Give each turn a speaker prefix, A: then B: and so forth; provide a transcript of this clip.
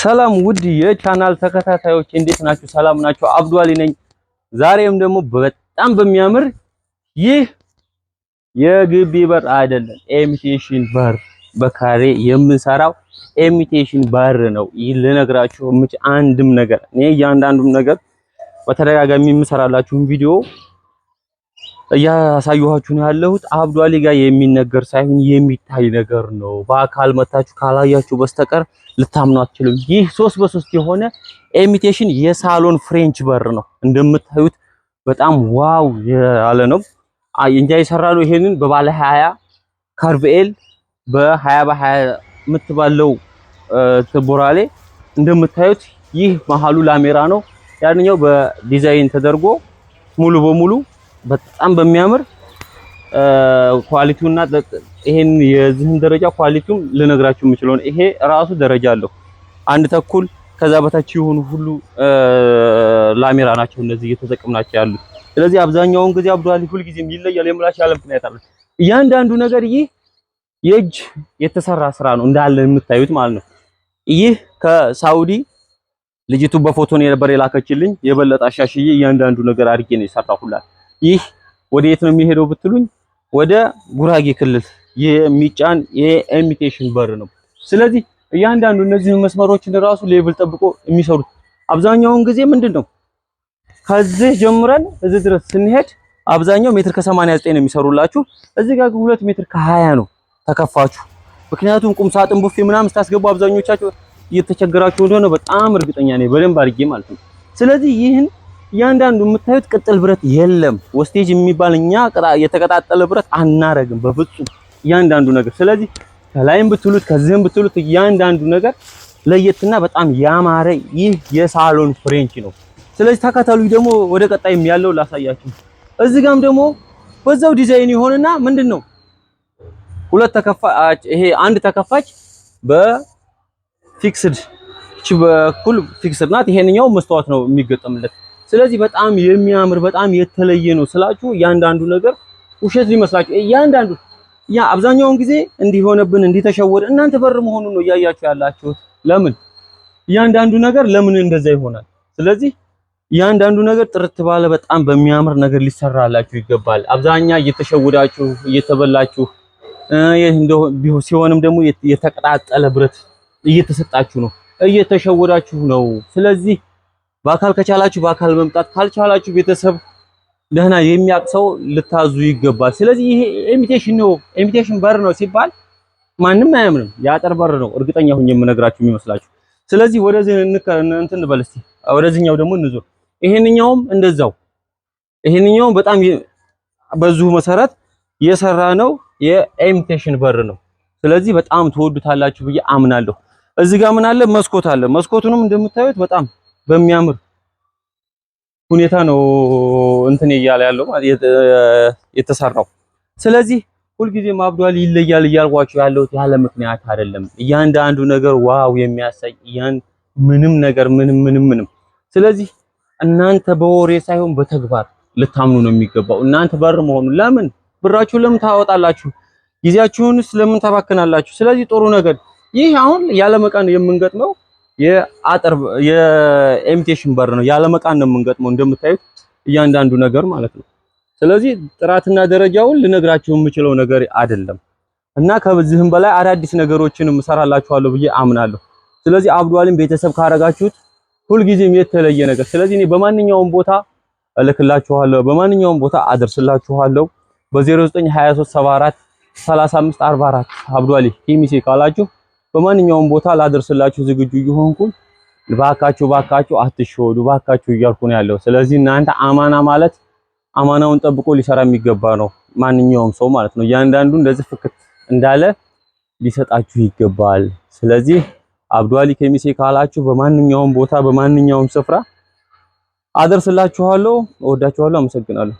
A: ሰላም ውድ የቻናል ተከታታዮች እንዴት ናችሁ? ሰላም ናችሁ? አብዱአሊ ነኝ። ዛሬም ደግሞ በጣም በሚያምር ይህ የግቢ በር አይደለም፣ ኤሚቴሽን በር በካሬ የምንሰራው ኤሚቴሽን በር ነው። ይህ ልነግራችሁ አንድም ነገር እኔ እያንዳንዱም ነገር በተደጋጋሚ የምሰራላችሁን ቪዲዮ እያሳየኋችሁ ነው ያለሁት። አብዱ አሊ ጋር የሚነገር ሳይሆን የሚታይ ነገር ነው። በአካል መታችሁ ካላያችሁ በስተቀር ልታምኑ አትችሉም። ይህ ሶስት በሶስት የሆነ ኢሚቴሽን የሳሎን ፍሬንች በር ነው። እንደምታዩት በጣም ዋው ያለ ነው። እንጃ የሰራ ነው። ይሄንን በባለ 20 ካርቬል በ20 በ20 የምትባለው ቦራሌ እንደምታዩት ይህ መሀሉ ላሜራ ነው። ያንኛው በዲዛይን ተደርጎ ሙሉ በሙሉ በጣም በሚያምር ኳሊቲውና ይሄን የዚህን ደረጃ ኳሊቲውም ልነግራችሁ የምችለው ይሄ ራሱ ደረጃ አለው። አንድ ተኩል ከዛ በታች የሆኑ ሁሉ ላሜራ ናቸው እነዚህ እየተጠቀምናቸው ያሉት። ስለዚህ አብዛኛውን ጊዜ አብዱአሊ ሁልጊዜም ይለያል የምላችሁ ያለ ምክንያት አለ። እያንዳንዱ ነገር ይህ የእጅ የተሰራ ስራ ነው እንዳለ የምታዩት ማለት ነው። ይህ ከሳውዲ ልጅቱ በፎቶ ነው የነበረ የላከችልኝ። የበለጠ አሻሽዬ እያንዳንዱ ነገር አድርጌ ነው የሰራሁላት። ይህ ወደ የት ነው የሚሄደው ብትሉኝ ወደ ጉራጌ ክልል የሚጫን የኢሚቴሽን በር ነው። ስለዚህ እያንዳንዱ እነዚህ መስመሮችን ራሱ ሌቭል ጠብቆ የሚሰሩት አብዛኛውን ጊዜ ምንድን ነው ከዚህ ጀምረን እዚህ ድረስ ስንሄድ አብዛኛው ሜትር ከ89 ነው የሚሰሩላችሁ። እዚህ ጋር 2 ሜትር ከ20 ነው ተከፋችሁ። ምክንያቱም ቁም ሳጥን ቡፌ ምናምን ስታስገቡ አብዛኞቻችሁ እየተቸገራችሁ እንደሆነ በጣም እርግጠኛ ነኝ፣ በደንብ አድርጌ ማለት ነው። ስለዚህ ይህን እያንዳንዱ የምታዩት ቅጥል ብረት የለም። ወስቴጅ የሚባል እኛ የተቀጣጠለ ብረት አናረግም በፍጹም እያንዳንዱ ነገር። ስለዚህ ከላይም ብትሉት ከዚህም ብትሉት እያንዳንዱ ነገር ለየትና በጣም ያማረ ይህ የሳሎን ፍሬንች ነው። ስለዚህ ተከተሉ። ደግሞ ወደ ቀጣይም ያለው ላሳያችሁ። እዚህ ጋም ደግሞ በዛው ዲዛይን ይሆንና ምንድን ነው ሁለት ተከፋች ይሄ አንድ ተከፋች በፊክስድ እቺ በኩል ፊክስድ ናት። ይሄንኛው መስተዋት ነው የሚገጠምለት ስለዚህ በጣም የሚያምር በጣም የተለየ ነው ስላችሁ እያንዳንዱ ነገር ውሸት ሊመስላችሁ እያንዳንዱ ያ አብዛኛውን ጊዜ እንዲሆነብን እንዲተሸወደ እናንተ በር መሆኑን ነው እያያችሁ ያላችሁት። ለምን እያንዳንዱ ነገር ለምን እንደዛ ይሆናል? ስለዚህ እያንዳንዱ ነገር ጥርት ባለ በጣም በሚያምር ነገር ሊሰራላችሁ ይገባል። አብዛኛ እየተሸወዳችሁ እየተበላችሁ ሲሆንም ደግሞ የተቀጣጠለ ብረት እየተሰጣችሁ ነው፣ እየተሸወዳችሁ ነው። ስለዚህ በአካል ከቻላችሁ በአካል መምጣት ካልቻላችሁ ቤተሰብ ደህና የሚያውቅ ሰው ልታዙ ይገባል። ስለዚህ ይሄ ኢሚቴሽን ነው ኢሚቴሽን በር ነው ሲባል ማንም አያምንም። የአጥር በር ነው እርግጠኛ ሁኝ የምነግራችሁ የሚመስላችሁ። ስለዚህ ወደዚህ እንትን እንበል እስኪ ወደዚህኛው ደግሞ እንዙር። ይሄንኛውም እንደዛው ይሄንኛውም በጣም በዚሁ መሰረት የሰራ ነው የኢሚቴሽን በር ነው። ስለዚህ በጣም ትወዱታላችሁ ብዬ አምናለሁ። እዚህ ጋር ምን አለ መስኮት አለ። መስኮቱንም እንደምታዩት በጣም በሚያምር ሁኔታ ነው እንትን እያለ ያለው የተሰራው። ስለዚህ ሁልጊዜ አብዷል ይለያል እያልኳችሁ ያለሁት ያለ ምክንያት አይደለም። እያንዳንዱ ነገር ዋው የሚያሳይ እያን ምንም ነገር ምንም ምንም ምንም። ስለዚህ እናንተ በወሬ ሳይሆን በተግባር ልታምኑ ነው የሚገባው። እናንተ በር መሆኑ ለምን ብራችሁ ለምን ታወጣላችሁ? ጊዜያችሁንስ ለምን ታባክናላችሁ? ስለዚህ ጥሩ ነገር ይህ አሁን ያለመቃን የምንገጥመው የአጥር የኢሚቴሽን በር ነው። መቃን ነው የምንገጥመው እንደምታዩት እያንዳንዱ ነገር ማለት ነው። ስለዚህ ጥራትና ደረጃውን ልነግራችሁ የምችለው ነገር አይደለም እና ከዚህም በላይ አዳዲስ ነገሮችንም እሰራላችኋለሁ ብዬ አምናለሁ። ስለዚህ አብዱ አሊም ቤተሰብ ካረጋችሁት ሁልጊዜም የተለየ ነገር ስለዚህ እኔ በማንኛውም ቦታ እልክላችኋለሁ፣ በማንኛውም ቦታ አደርስላችኋለሁ። በ0923743544 አብዱ አሊ ኬሚሴ ካላችሁ በማንኛውም ቦታ ላደርስላችሁ ዝግጁ እየሆንኩኝ ባካችሁ ባካችሁ አትሸወዱ ባካችሁ እያልኩ ነው ያለው። ስለዚህ እናንተ አማና ማለት አማናውን ጠብቆ ሊሰራ የሚገባ ነው፣ ማንኛውም ሰው ማለት ነው። እያንዳንዱ እንደዚህ ፍክት እንዳለ ሊሰጣችሁ ይገባል። ስለዚህ አብዱአሊ ከሚሴ ካላችሁ በማንኛውም ቦታ በማንኛውም ስፍራ አደርስላችኋለሁ። እወዳችኋለሁ። አመሰግናለሁ።